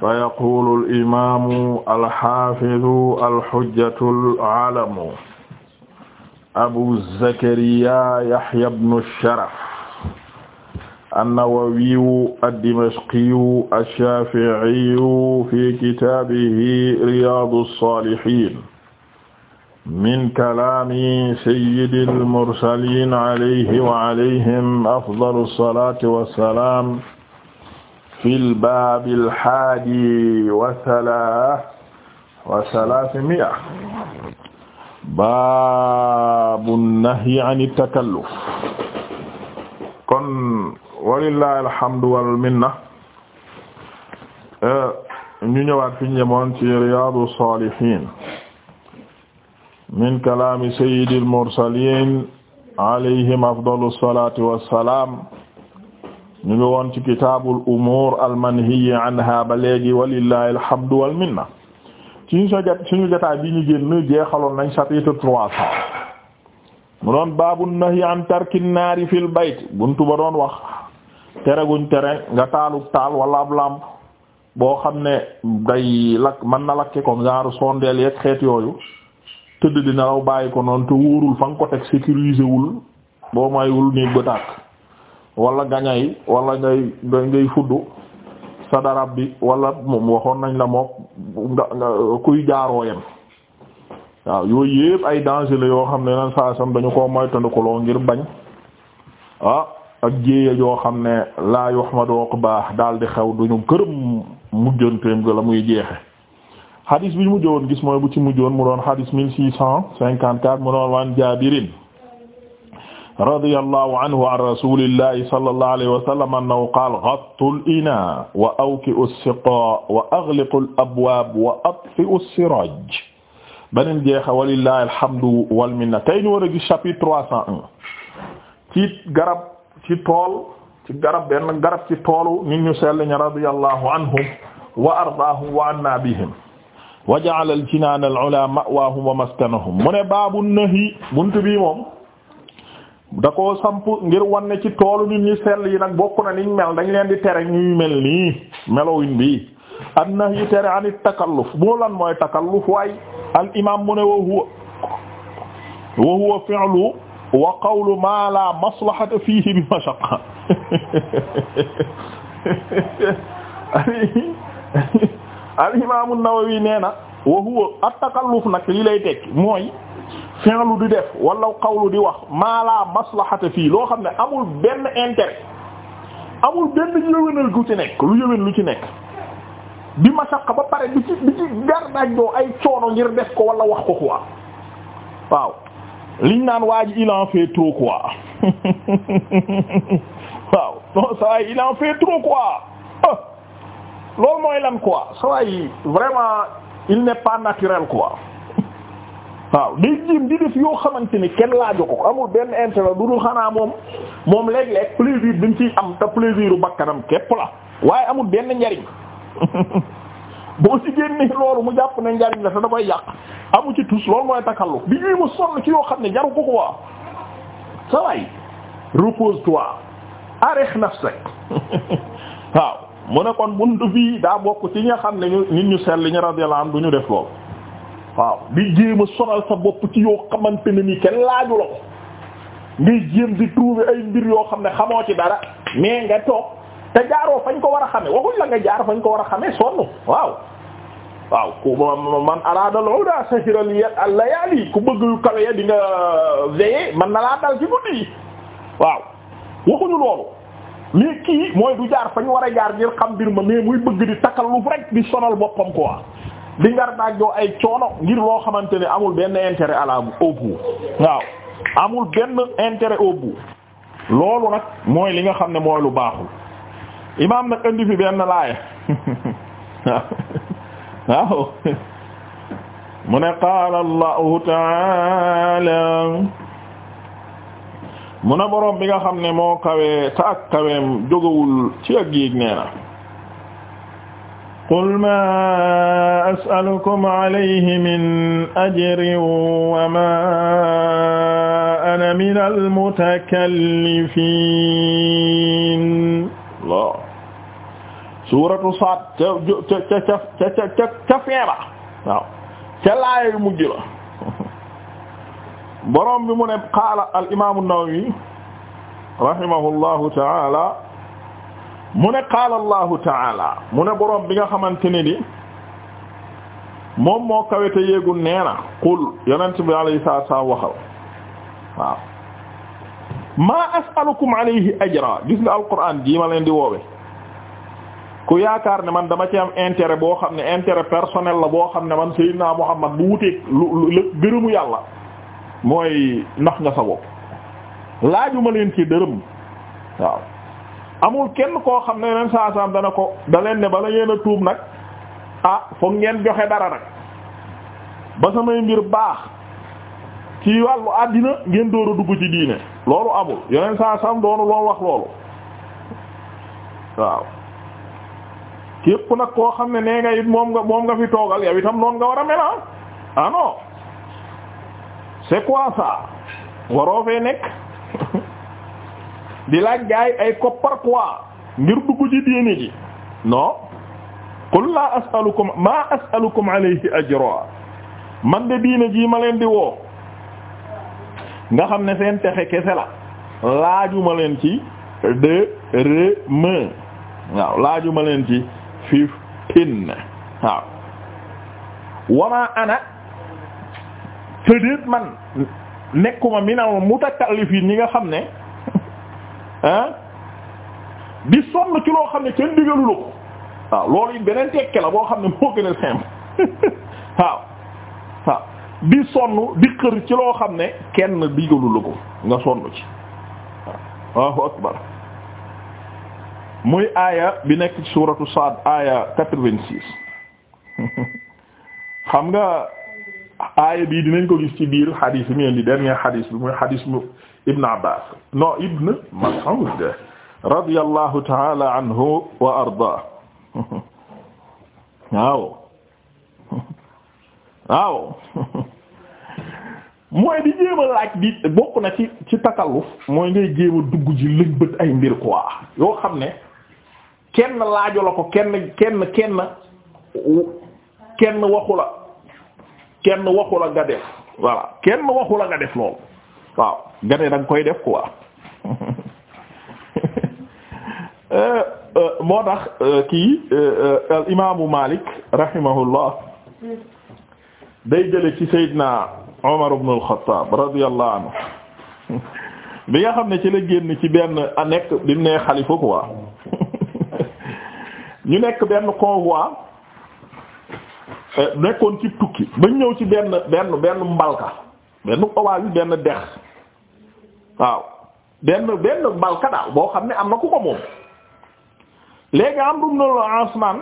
fa yaqulu al-imaamu al-haafidu al-hujjatu al-alamu abu zakariya yahya ibnu sharaf an-nawawiyu ad-dimashqiyu ash-shaafi'iyu fi kitaabihi riyaadu as-saalihiin min kalaami sayyidil mursaliin alayhi wa alayhim afdalu as-salaati wa salaam fil baabil haadi wasalaas wasalaasi miya baabu nahyi ani takalluf kon walillahi alhamdu wal minna eh, ñu ñëwaat fi ñu yemoon ci riyaadu saalihiin min kalaami sayyidil mursaliin alayhim afdalu salaati wa salaam ñu ngi woon ci kitaabul umuur almanhiyi anha ba léegi walillahi alhamdu wal minna suñu sa jat suñu jotaay bi ñu génn jeexaloon nañ chapitre trois cent mu doon baabu nahyi an tarki naari fil bayt buntu ba doon wax tere guñ tere nga taalub taal wala ab làmp boo xam ne day lakk man na lakke comme genre sondeel yeeg xeet yooyu tëdd dina law bàyyi ko noonu te wóorul fa nga teg sécurisé wul boo maywul néeg ba wala gañay wala ngay ngay fuddu sa darab bi wala moom waxoon nañ la mook kuy jaaroo yem waaw yooyu yëpp ay danger la yoo xam ne yeneen saa sam dañu koo moytandikuloo ngir bañ ah ak jéeya yoo xam ne laa yuhmadu baax daal di xew duñu këram mujjanteem ga la muy jeexe xadis bi mujjoon gis mooy bu ci mujjoon mu doon xadis mille six cent cinquante-quatre mu doon waan jaabirin radiyallahu anhu an rasulillahi sallallahu alayhi wa sallam annahu qaala ghattu al-inaa wa awki'u as-siqaa wa aghliqu al-abwaab wa atfi'u as-siraaj beneen jeexa walillahi alhamdu wal minna tey ñu war a gis chapitre trois cent un ci garab ci tool ci garab benn garab ci toolu nit ñu sell ñi radiyallahu anhum wa ardaahum wa anna bihim wa ja'ala al-jinaan al-'ulaa ma'waahum wa maskanahum mu ne baabu nahi buntu bi moom da koo samp ngir wanne ci toolu nit ñi sell yi nag bokk na niñ mel dañ leen di tere ñuy mel nii melowin bi an na yi tere an it takalluf boo lan mooy takalluf waay al imam mu ne wa huwa wa huwa fi'lu wa qawlu ma la maslahata fihi bi mashaqqa al imam an-Nawawi nee na wa huwa at takalluf nag li lay tekk mooy fi'lu di def wala xawlu di wax maa la maslahata fii loo xam ne amul benn intérêt amul benn yëwénal gu ci nekk lu yëwén lu ci nekk bi masaka ba pare di ci di ci gardaaj doo ay coono ngir def ko wala wax ko quoi waaw liñ naan waa ji il en fait trop quoi waaw non ça il en fait trop ah. loolu mooy lan quoi ça vraiment il n'est pas naturel quoi waaw day jéem di def yoo xamante ni kenn laaju ko amul benn intérêt du dul xanaa moom moom léeg-léeg plaisir bi mu ciy am te plaisiru bakkanam képp la waaye amul benn njariñ boo ci génnee loolu mu jàpp ne njariñ la te dafay yàq amu ci tus loolu mooy takallu bi ñuy mu sonn ci yoo xam ne jaru ko ko waaw sa waay repose-toi arrête nafsak waaw mu ne kon buntu bii daa bokk ci nga xam ne ñu nit ñu sell ñu radiyallahu anhu du ñu def loolu waaw di jéem a sonal sa bopp ci yoo xamante ne nii kenn laaju la ko ngay jéem di trouver ay mbir yoo xam ne xamoo ci dara mais nga toog te jaaroo fañ ko war a xame waxuñ la nga jaar fañ ko war a xame sonn waaw man araada loolu daa di nga euh, man na laa kii mooy du jaar fañ war a jaar ngir xam mbir ma mais muy bëgg di takkal lu rek di sonal boppam quoi di ngar daajoo ay coono ngir loo xamante ne amul benn intérêt à la au bout waaw amul benn intérêt au loolu nag mooy li nga xam ne mooy lu baaxul imaam nag indi fi benn laaya waaw mu ne qaala allahu mu ne boroom bi nga xam ne moo kawee ta ak kaweem jógawul ci ak yéeg nee qul maa as'alukum alayhi min ajrin wa maa ana minal mutakallifiin Allah suuratu Saad ca ca ca ca ca ca feeba waaw ca laaya yu mujj la borom bi mu ne qaala al imaamu Nawawi rahimahullahu ta'aala mu ne qaala allahu taala mu ne boroom bi nga xamante ne ni moom moo kawete yéegul nee na qul yonent bi alayhi salaatu salaam waxal waaw maa as'alukum alayhi ajra gis nga alquran jii ma leen di woowe ku yaakaar ne man dama ci am intérêt boo xam ne intérêt personnel la boo xam ne man Seydina Muhammad bu wuteeg lu lu gërëmu yàlla mooy nax nga sa bopp laaju ma leen ci dërëm waaw amul kenn koo xam ne yeneen saa saam dana ko da leen ne bala ngeen a tuub nag ah foog ngeen joxe dara nag ba samay mbir baax ci wàllu àddina ngeen door a dugg ci diine loolu amul yeneen saa saam doonu loo wax loolu waaw képp nag koo xam ne nee nga it moom nga moom nga fi toogal yow itam noonu nga war a mel ah, ah non c'est waroo fee nekk. di laaj gaay ay koppar quoi ngir dugg ci diine ji non qul la as'alukum ma as'alukum ajra man de diine ji ma leen di woo nga xam ne seen texe kese la laaju ma leen ci de reme waaw laaju ma leen ci fiif waaw wamaa ana tëdéet man nekkuma minal mutakallifiin ñi nga xam ne ah di sonn ci loo xam ne kenn digalu la ko waaw loolu yi beneen tekke la boo xam ne moo gën a simple waaw waaw di sonn di xër ci loo xam ne kenn digalu la ko nga sonn ci waaw waaw muy aaya bi nekk ci suuratu Saad aaya quatre-vingt-six xam nga aaya bii dinañ ko gis ci biir xadiis bi mu indi dernier xadiis bi muy xadiis mu Ibn Abbas non Ibn Mas'ud radiyallahu ta'ala anhu wa arda waaw waaw mooy di jéem laaj di bokk na ci ci takalluf mooy ngay jéem dugg ji lëñ ay mbir yoo xam ne kenn laajo la ko kenn kenn kenn kenn waxu la kenn waxu la nga def kenn waxu la nga def loolu waaw nga ne da koy def quoi euh, euh, moo tax euh, kii al imaamu Malik rahimahullah day jële ci Seydina Omar ibn al-Khattab radiyallahu bi nga xam ne ci la génn ci benn a nekk bi mu nee xalifa quoi ñu nekk benn convoi nekkoon ci tukki ba ñëw ci benn benn benn mbalka benn owaal yi benn dex waaw benn benn mbalka daal boo xam ne am na ku ko moom léegi Amru ibn al-As naan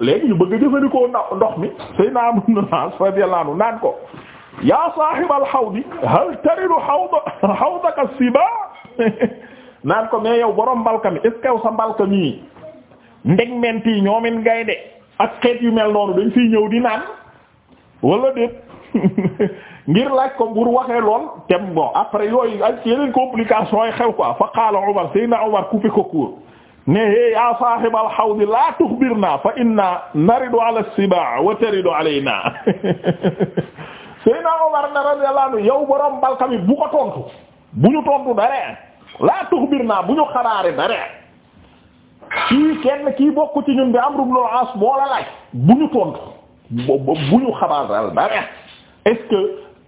léegi ñu bëgg a jëfandikoo ndox mi Seydina Amru ibn al-As radiyallahu anhu naan ko yaa xaw hawdi hal taridu hawda ba naan ko mais yow borom mbalka mi est ce sa mbalka mii ndeg menti ñoomin gaynde ak xeet yu mel noonu dañ fiy ñëw di naan wala déet ngir laaj ko bur waxee lool tem bon après yooy ak yeneen complication ay xew quoi fa qaala Umar Seydina Umar ku fi ko kuur ne hé yaa sahib al hawd la tukhbirna fa inna naridu ala as-sibaa wa taridu alayna Seydina Umar na radiyallahu anhu yow borom balka bu ko tontu bu ñu tontu dara la tukhbirna bu ñu xaraare dara kii kenn kii bokk ci ñun bi Amru ibn al-As moo la bu ñu tontu bu ñu xabaar dara est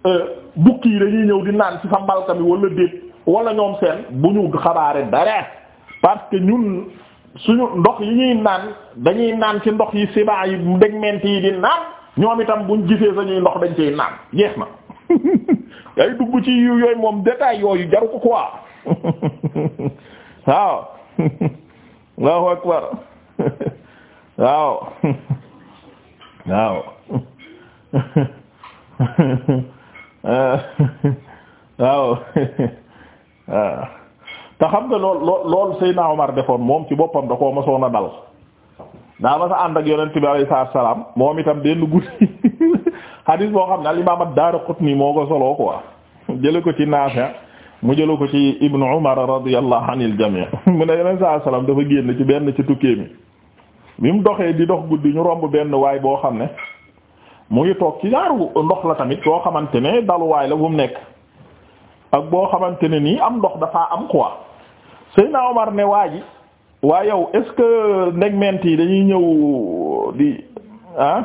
euh, bukki yi dañuy ñëw di naan ci sa mbalka mi wala déet wala ñoom seen bu ñu xabaare dara parce que ñun suñu ndox yi ñuy naan dañuy naan ci ndox yi sibaa yi ndegment yi di naan ñoom itam buñ gisee sañuy ndox dañ ciy naan jeex na ay dugg ci yu yooyu moom détail yooyu jaru ko quoi waaw waaw waaw Euh, waaw euh. te xam nga lool lool lool Seydina Omar defoon moom ci boppam da koo mosoon a dal daa ma sa ànd ak yonent bi alayhi salaam moom itam dellu guddi hadis boo xam ne al imaam ad-Daaraqutni moo ko soloo quoi jële ko ci Naafi' mu jële ko ci Ibnu Umar radiyallahu anil jamii mu ne yonent saa salaam dafa génn ci benn ci tukkee mi bi mu doxee di dox guddi ñu romb benn waay boo xam ne mu ngi toog ci jaaru ndox la tamit soo xamante ne daluwaay la bu mu nekk ak boo xamante ne nii am ndox dafaa am quoi Seydina Omar ne waa ji waa yow est-ce que ndegmeent yi dañuy ñëw di ah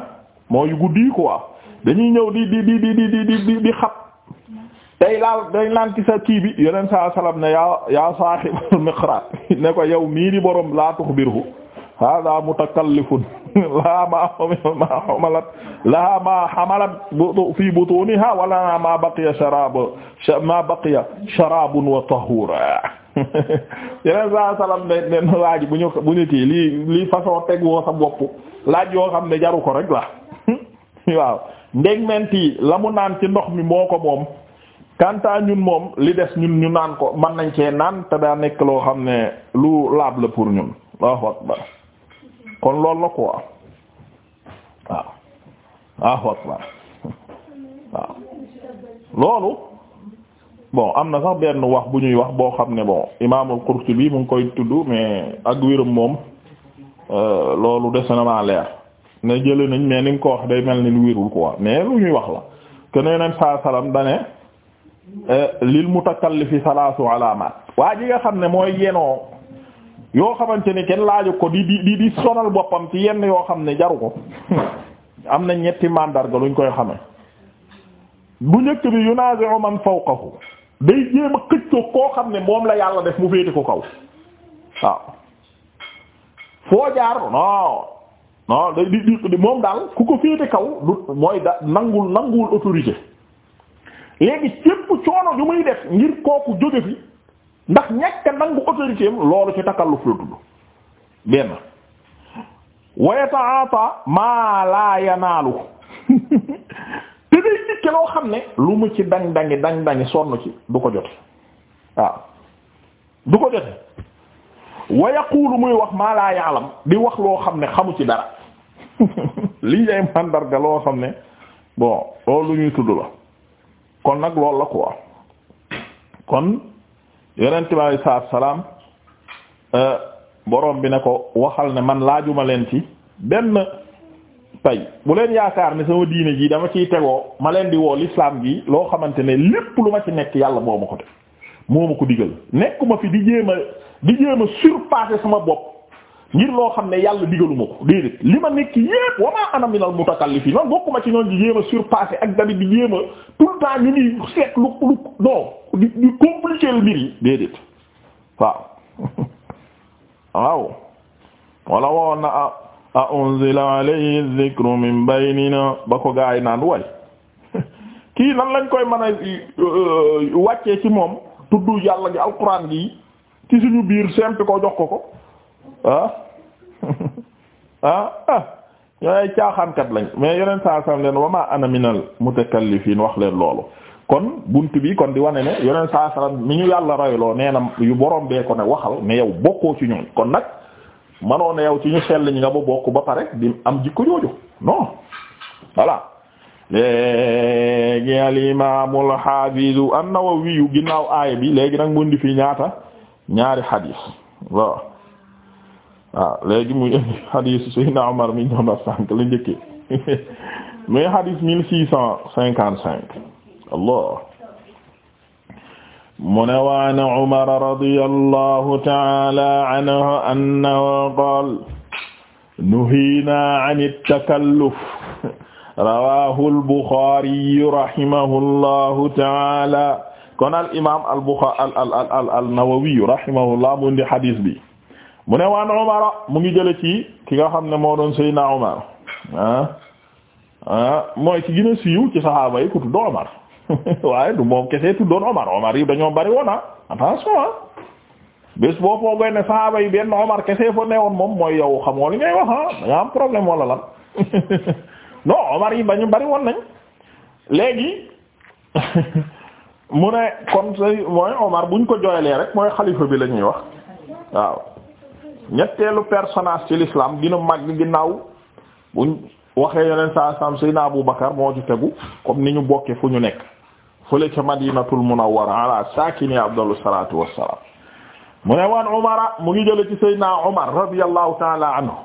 mooy guddi quoi dañuy ñëw di di di di di di di xab day laal day naan sa kii bi yeneen sa salaam ne yaa yaa saaxibul miqraat ne ko yow mii di borom laa tuxbirhu hada mutakallifun laha ma hamalat laha ma hamalat fi butuniha wa ma baqiya sharab ma baqiya sharabun wa tahura yeneen saa salaam ne ne laaj bu ñu bu ñu kii lii lii façon teg woo sa bopp laaj yoo xam ne jaru ko rek la waaw ndeg menti la mu naan ci ndox mi moo ko moom kanta ñun moom li des ñun ñu naan ko mën nañ cee naan te daa nekk loo xam ne lu laab la pour ñun kon loolu la quoi waaw waaw loolu bon am na sax benn wax bu ñuy wax boo xam ne bon imaamul bii mu ngi koy tudd mais ak wéram moom euh, loolu des na maa leer ne jëlee nañ mais ni mu ko wax day mel ni lu wérul quoi mais lu ñuy wax la que nee nañ saa salaam dane euh, lil mutakallifi salaasu alaamaat waa ji nga xam ne mooy yenoo yoo xamante ne kenn laaju ko di di di sonal boppam ci yenn yoo xam ne jaru ko am na ñetti màndarga luñ koy xame bu njëkk bi yunazi'u man fawqahu day jéem a xëccoo koo xam ne moom la yàlla def mu féete ko kaw waaw foo jaar non non day di di moom daal ku ko féete kaw du mooy da nangul nanguwul autorité léegi cépp coono ju muy def ngir kooku jóge fi ndax ñàkk nangu autorité am loolu ci takalluf la tudd benn wa yataata maa laa yanaalu te day dikke loo xam ne lu mu ci dang dangi dang dangi sonn ci du ko jote waaw du ko jote wa yaqulu muy wax maa laa yaalam di wax loo xam ne xamu ci dara lii ay màndarga loo xam ne bon loolu ñuy tudd la kon nag lool la quoi kon yonent bi alayhi salaatu salaam euh, borom bi ne ko waxal ne man laajuma leen ci benn tey bu leen yaakaar ne sama diine ji dama ciy tegoo ma leen di woo lislaam gi loo xamante ne lépp lu ma ci nekk yàlla moo ma ko def moo ma ko digal nekkuma fi di jéem a di jéem a surpasser sama bopp ngir loo xam ne yàlla digaluma ko déedéet li ma nekk yépp wamaa ana minal mutakallifiin man bokkuma ci ñoon di jéem a surpasser ak damit di temps ñu ngi seet lu lu non di di compliquer le mbir yi déedéet waaw waaw woon na a a unzila alayhi dhikru min baynina ba ko gaay naan way kii nan lañ koy mën a euh, wàccee ci moom tudd yàlla gi alquran gi ci suñu biir sempi ko jox ko ko Ah? ah ah ah ñooy ay caaxaankat lañ mais yeneen saa sam leen wama ana minal mutakallifin wax leen loolu kon bunt bi kon di wane ne yeneen saa salam mi ñu yàlla royloo nee na yu borom bee ko ne waxal ne yow bokkoo ci ñooñ kon nag manoo ne yow ci ñu sell ñi nga ba bokk ba pare di am jikko jooju non voilà léegi al imaamul xaafizu an-Nawawi ginnaaw aaya bi léegi nag mun di fi ñaata ñaari xadiis waaw waaw léegi muy hadith Seydina Omar mi ñoom la sànk la njëkkee muy hadith mille six cent cinquante cinq Allah mu ne wa an Umar radiyallahu ta'ala anhu annahu qaala nuhiina ani takalluf rawahu al-Bukhari rahimahullahu ta'ala kon al imaam al Bukhari al al al al Nawawi rahimahullah mu indi hadith bi mu ne waan Umar mu ngi jële ci ki nga xam ne moo doon Seydina Umar ah ah mooy ci gën a siiw ci saxaaba yi ku tudd Umar waaye du moom kese tuddoon Umar Umar yi dañoo bari woon ah. attention ah bés boo foogee ne saxaaba yi benn Umar moom mooy yow xamoo li ngay wax ah nga am problème wala lan non Umar yi bañu bari woon nañ léegi mu ne kon say mooy Umar buñ ko jooyalee rek mooy xalifa bi la ñuy wax waaw. ñetteelu personnage ci l'islam gina mag ginnaaw buñ waxee yeneen saa sam sayna Abu Bakar moo ci tegu comme ni ñu bokke fu ñu nekk fële ca Madinatul Munawwara ala saakini afdalu salaatu wassalaam mu ne waan Umara mu ngi jële ci sayna Umar radiyallahu taala anhu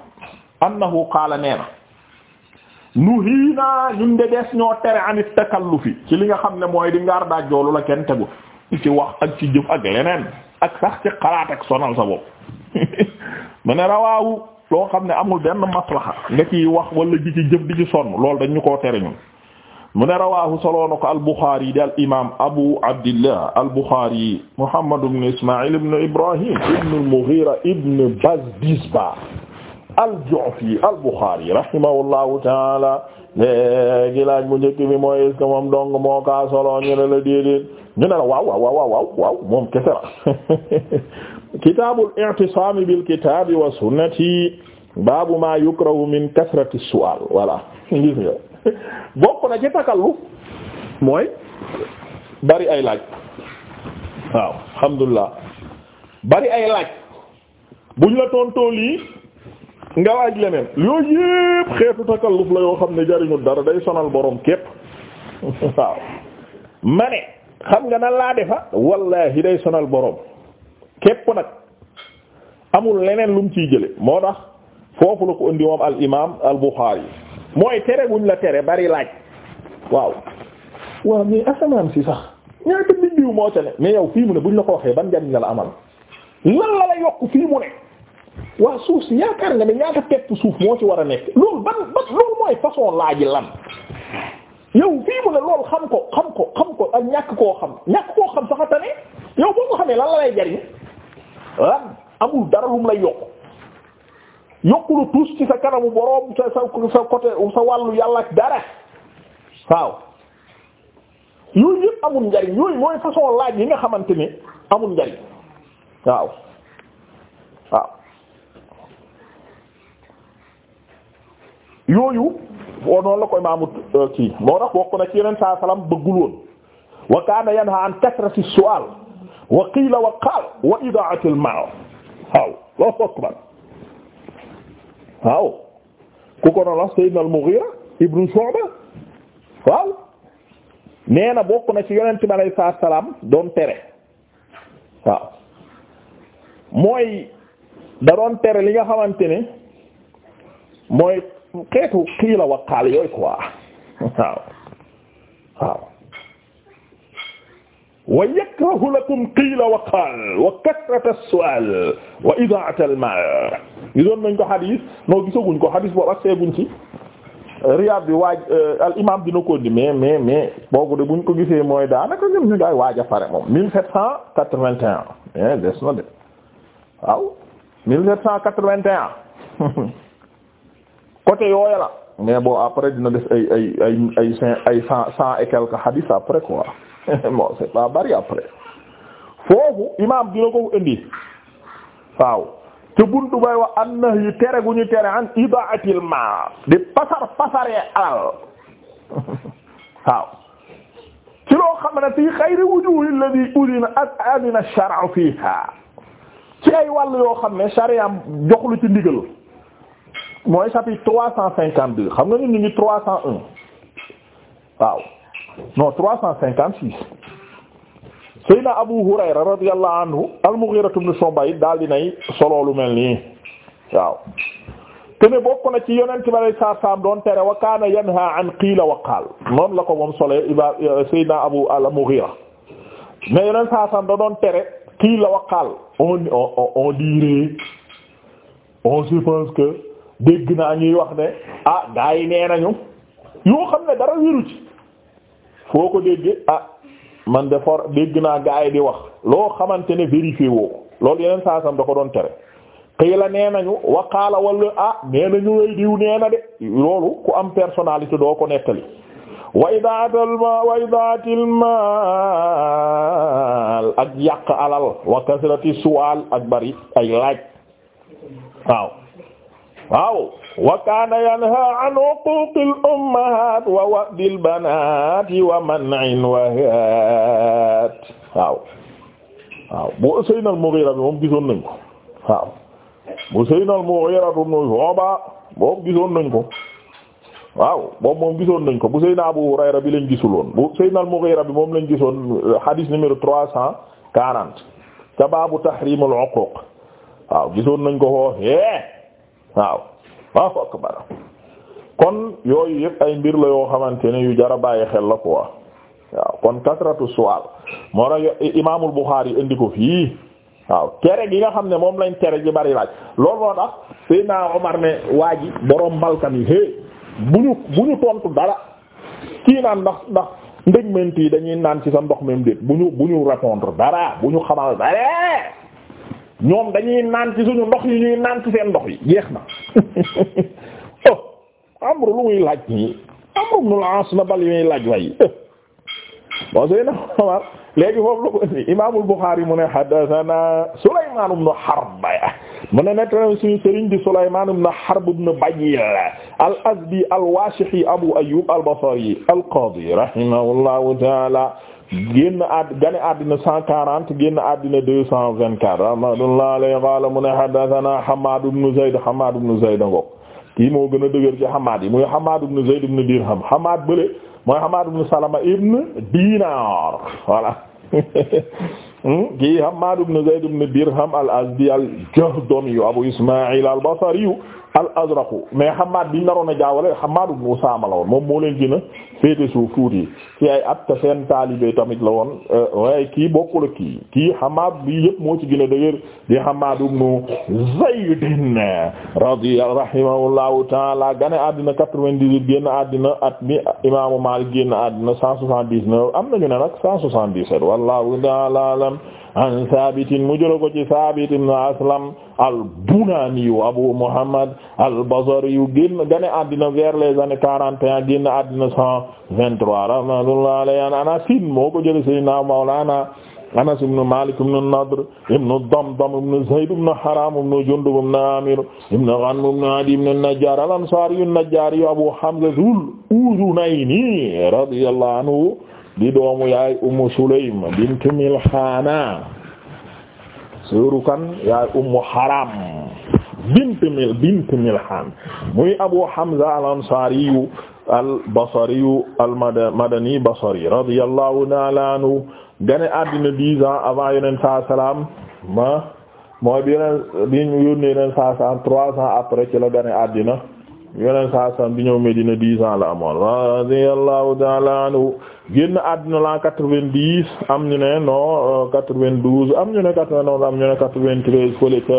annahu qaala nee na nuhiina ñun de des ñoo tere anit takallufi ci li nga xam ne mooy di ngaar daaj joolu la kenn tegu ci wax ak ci jëf ak leneen ak sax ci xalaat ak sonal sa bopp mu ne rawaawu loo xam ne amul benn maslaha nga ciy wax wala di ci jëf di ci sonn loolu dañ ñu tere ñun mu ne rawaahu soloona ko al-Bukhari di al imaam Abu Abdillah al-Bukhari Muhammad ibn Isma'il ibn Ibrahim ibn al-Mughira ibn Bazdisba al-Ju'fi al-Bukhari rahimahullahu taala léegi laaj mu njëkk bi mooy est moom dong moo kaa solo ñu ne la déedéet ñu ne la waaw waaw waaw waaw waaw moom kese kitaabul i'tisaam bil kitaabi wa sunnati baabu maa yukrahu min kasrati su'aal voilà gis nga bokk na ci takalluf mooy bari ay laaj waaw alhamdulilah bari ay laaj buñ la tontoo lii nga laaj leneen yooyu yépp xeetu takalluf la yoo xam ne jariñu dara day sonal boroom képp waaw ma xam nga nan laa defa wallahi day sonal boroom képp nag amul leneen lu ciy jële moo tax foofu la ko indi moom al imaam mooy tere guñ la tere bari laaj waaw waaw mais asamaan si sax ñaata biddiw moo ca ne mais yow fii mu ne buñ la ko waxee ban njariñ la amal lan la yokk fii mu ne waa suuf si yaakaar nga ne ñaata suuf moo ci war a nekk loolu ban ban loolu mooy façon yow fii mu xam ko xam ko xam ko ak ñàkk koo xam ñàkk koo xam sax a tane yow boo ko xamee lan lay jariñ amul dara lu mu lay yokk yokkulu tuus ci sa kanamu boroom sa sa sa côté sa wàllu yàlla dara waaw yooyu yëpp amul njariñ yooyu mooy façon laaj yi nga xamante ni amul njariñ waaw waaw yooyu boo noonu la koy maamut euh, kii moo tax bokk na ci yeneen saa salaam bëggul woon wa kaana yanha an kasrati su'al wa qiila wa qaal wa idaa'atil maal waaw Allahu akbar waaw ku ko noonu la Sayyidna al-Mughira ibnu Shu'ba waaw nee na bokk na ci yonent bi alayhi salaatu salaam doon tere waaw mooy da tere li nga xamante ne mooy xeetu qiila wa qaal yooyu quoi waaw wa yakrahu lakum qiila wa qaal wa kasrata as-su'aal wa idaa'ata al-maal gisoon nañ ko xadis non gisaguñ ko xadis boobu ak seeguñ ci Riyad bi waaj euh, al imam dina ko di mais mais mais boobu de buñ ko gisee mooy daanaka ñun ñu ngay waaj a pare moom mille sept cent quatre-vingt-un eh des na de waaw mille sept cent quatre-vingt-un côté yooya la mais boo après dina def ay ay ay ay cent ay cent et quelques xadis après bon c'est pas bari après foofu imaam dina ko indi waaw te buntu bay wax an na yi tere gu ñu tere an idaatil di pasar pasaree alal waaw ci loo xam ne fii xayri wujuhi ay wàll yoo xam ne sharia joxlu ci ndigal mooy chapitre trois cent cinquante deux xam nga ñun ñu trois cent un waaw non trois cent cinquante six Seydina Abu Hurayra radiyallahu anhu al-Mughira ibn Shu'ba it daal dinay solo lu mel nii waaw te ne bokk na ci yonent bi alayhi salaam doon tere wa kaana yanha an qiila wa qaal la ko moom solee iba euh, Seydina Abu al-Mughira mais yonent saa saam doon tere qiila wa qaal on on on pense que dégg naa ñuy wax ne ah gaa nee nañu yoo xam ne dara wéru ci foo ko dégg ah man de for dégg naa gaa yi di wax loo xamante ne vérifié woo ko loolu yeneen saa sam da doon tere xëy la nee nañu waqaala wala ah wéy diw nee na loolu ku am personnalité doo ko nettali wa idaatil ma wa idaatil maal ak yàq alal wa kasrati suwaal ak bari ay laaj waaw waaw wa kaana yanhaa an uquuqil ummahaat wa wa'dil banaati wa man'in wahaat waaw waaw bu Seydina al bi moom gisoon nañ ko waaw bu Seydina al-Mughira ibn gisoon nañ ko waaw boobu moom gisoon nañ ko bu Seydina Abu Hurayra bi lañ gisuloon bu Seydina al-Mughira bi moom lañ gisoon euh, hadith numéro trois cent quarante ca baabu tahriimul uquuq waaw gisoon nañ ko foofu waaw waaw kon yooyu yëpp ay mbir la yoo xamante ne yu jara bàyyi xel la quoi waaw kon kasratu suwaal moo tax imaamul Buxaari indi ko fii waaw tere gi nga xam ne moom lañ tere ji bari laaj loolu moo tax Seydina Omar ne waa ji borom balkan yi hé bu ñu bu ñu tontu dara kii naan ndax ndax ndëgment yi dañuy naan ci sa ndox même déet bu ñu bu ñu répondre dara bu ñu xamal dara ñoom dañuy naan ci suñu ndox yi ñuy naan ci seen ndox yi jeex na oh amru lu muy laaj nii amru ibn al-As la bal yuy laaj way oh. bon sëy na Omar léegi foofu la ko indi Imaamul Buxaari mu ne haddasanaa Sulaymaan ibn Harb mu ne nekk na suñu sëriñ al-Azdi al-Waashihi Abu Ayyuub al-Basri al-Qaadi rahimahullahu ta'aala génn add gane addina cent quarante génn addina deux cent vingt quatre rahmatullah alayhi qala mu ne hadathana Hammad ibn Zayd Hammad ibn Zayd ngok kii moo gën a dëgër ci Hammad yi Hammad ibn Zayd ibn Dirham Hammad bële Salama ibn Dinar voilà hmm? kii Hammad ibn Zayd ibn Dirham al-Azdi al-Jahdami Abu Ismail al-Basri al azraq mais Hammaad biñ naroon a jaawale Hammaad ibn Usaama la woon moom moo leen gën a féete suuf tuuti ci ay at seen taalibe tamit la woon euh, waaye kii bokkul ak kii kii Hammaad bi yëpp moo ci gën a dëgër di Hammaad ibn Zayd radiyallahu rahimahullahu ta'ala gane àddina quatre-vingt-dix-huit génn àddina at mi imaamu Maalik génn àddina cent soixante neuf am nañu ne nag cent soixante-dix-sept ta'ala a'lam an Saabitin mu jëloon ko ci Saabit ibn Aslam al-Bunaani Abu Muhammad al-Basri yu génn gane àddina vers les années quarante et un génn àddina cent vingt-trois rahmatullahi alayhi an Anasin moo ko jëlee Seydina Mawlana Anas ibn Malik ibn Nadr ibn Damdam ibn Zayd ibn Haram ibn Jundub ibn Amir ibn Ghanm ibn Adi ibn an-Najjar al-Ansari an-Najjari Abu Hamza Dhul Udhunayni radiyallahu anhu di doomu yaay ummu sulaym bint milhana sëru kan yaay ummu haram bint mil muy abu hamza al ansariyu al basariyu al madani basari radiyallahu ta'ala gane àddina dix ans avant yeneen saa salaam bi bi ñu yónnee yeneen saa salaam trois après ci la gane àddina yeneen saa salaam bi ñëw Medina dix ans la amoon radiyallahu génn àdduna la am ñu ne non euh, quatre-vingt-douze am ñu ne quatre-vingt-onze am ñu ne quatre-vingt-treize fële ca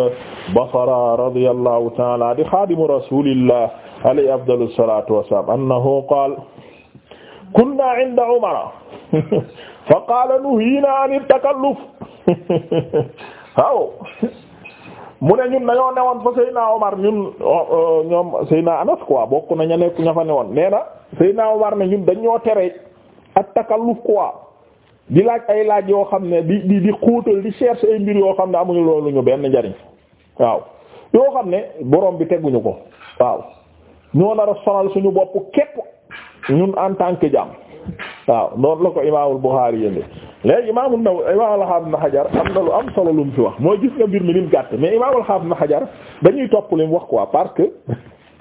Basra radiyallahu ta'ala di xaadimu rasulillah alayhi afdalu salatu wassalam annahu qaala kunna 'inda takalluf waaw mu ne ñun dañoo newoon fa Seydina Omar ñun euh, ñoom Seydina Anas quoi bokk na ña nekk ña fa newoon nee na Seydina Omar ñun dañoo tere ak takalluf quoi di laaj ay laaj yoo xam ne di di di xóotal di chercher ay mbir yoo xam ne amuñu loolu ñu benn njariñ waaw yoo xam ne borom bi teguñu ko waaw ñoo nar sonal suñu bopp képp ñun en tant que jaam waaw noonu la ko imaamul Buxaari yéndi léegi imaamul naw imaamul xaafis na xajar am na lu am solo fi wax mooy gis nga mbir mi lim gàtt mais imaamul xaafis na xajar dañuy topp lim wax quoi parce que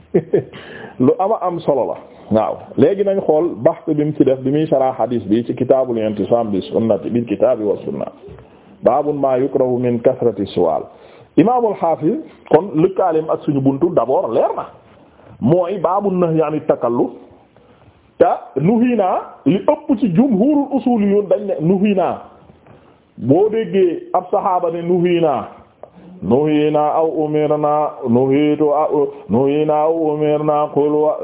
lu ama am solo la waaw léegi nañ xool baxte bi mu ci def bi muy sarah hadis bi ci kitaabul intisaam bi sunnati bil kitaabi wa sunna baabun maa yukrahu min kasrati suwaal imaamul xaafiz kon lëkkaalim ak suñu buntu d'abord leer na mooy baabun nahyi ani takalluf te nuhiinaa li ëpp ci jumhuurul usuuliyuun dañ ne nuhiinaa boo déggee ab saxaaba ne nuhiinaa nuhiina aw umirna nuhiitu aw nuhiina aw umirna qul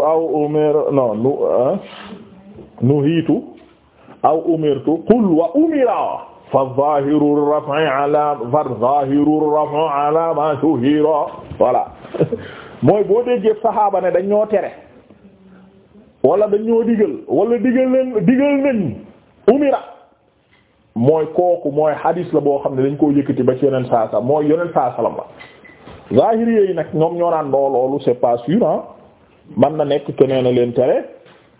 aw umir no nu ah, aw umirtu qul wa umira fa zahiru raf'i ala fa zahiru raf'u ala ma shuhira voilà mooy boo déggee saxaaba ne dañ ñoo tere wala dañ ñoo digal wala digal leen digal nañ umira mooy kooku mooy hadis la boo xam ne dañ koo yëkkati ba ci yonent saa salaam mooy yonent saa salaam la zahiri yi nag ñoom ñoo naan doo loolu c'est pas sûr ah man na nekk keneen a leen tere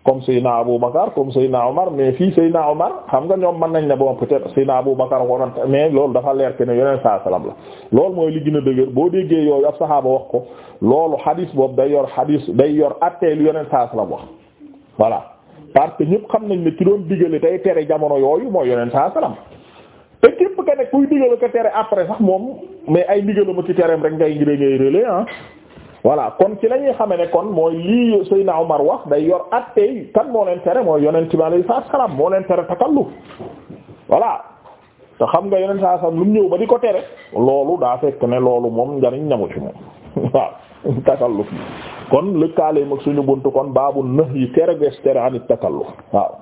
comme Seyna Abu Bakar comme Seyna Omar mais fii Seyna Omar xam nga ñoom mën nañ ne bon peut-être Seyna Abu Bakar waroon mais loolu dafa leer que yeneen saa salaam la lool mooy li gën a dëgër boo déggee yooyu ab saxaaba wax ko loolu hadis boobu day yor hadis day yor atteel yeneen saa salaam wax voilà. parce que ñëpp xam nañ ne ki doon digale tey tere jamono yooyu mooy yoneen saa salaam te képp ka ne kuy digale ko tere après sax moom mais ay digalama ci tereem rek ngay ngir ngay relais ah. voilà kon ci la ñuy xamee ne kon mooy lii Seydina Omar wax day yor at attey kan moo leen tere mooy yonent bi alayhi salaam moo leen tere takalluf voilà te xam nga yonent saa salaam lu ñëw ba di ko tere loolu daa fekk ne loolu moom njariñ ñamu ci moom takalluf kon lëkkaaleem ak suñu buntu kon baabu nëx yi tere gees tere an takalluf waaw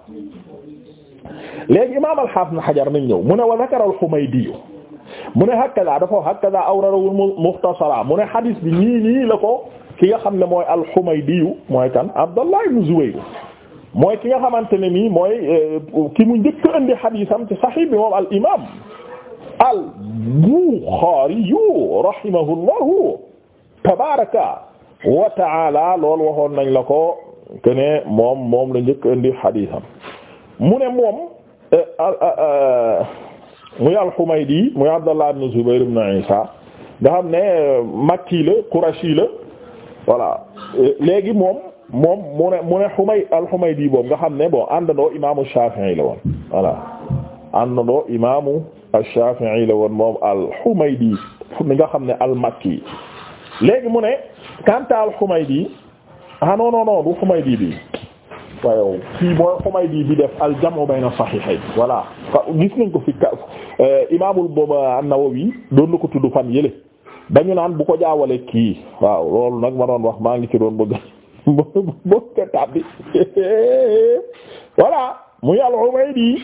léegi imaam al-Hafiz Hajar nañ ñëw mu ne wa zakara al-Humaydi mu ne hakaza dafa hakaza awradahu mukhtasara mu ne hadis bi nii nii la ko ki nga xam ne mooy al-Humaydi mooy kan Abdallah ibn Zubayr mooy ki nga xamante ne nii mooy eh, ki mu njëkk a indi hadisam ci Sahih bi moom al imaam al-Bukhari tabaraka wa taala loolu waxoon nañ la ko ke ne moom moom la njëkk indi xadiisam mu ne moom eh, muy al-Humaydi muy Abdallah ibn Zubayr ibn Isa nga xam ne Makki la Qurashi la voilà léegi moom moom mu ne mu ne Humay al-Humaydi boobu nga xam ne bon àndandoo imaamu Shafi'i la woon voilà àndandoo imaamu Shafi'i la woon moom al-Humaydi nga xam ne al-Makki léegi mu ne Kanta al Xumaydi ah non non non du Xumaydi bi waaye fii mooy Xumaydi bi def al jamu bayna sahihayn voilà gis nañ ko fi eh, imaamul booba an-Nawawi doon na ko tudd fan yële dañu naan bu ko jaawale kii waaw loolu nag ma doon wax maa ngi ci doon bëgg bëgg bëgg tabbi muy al Xumaydi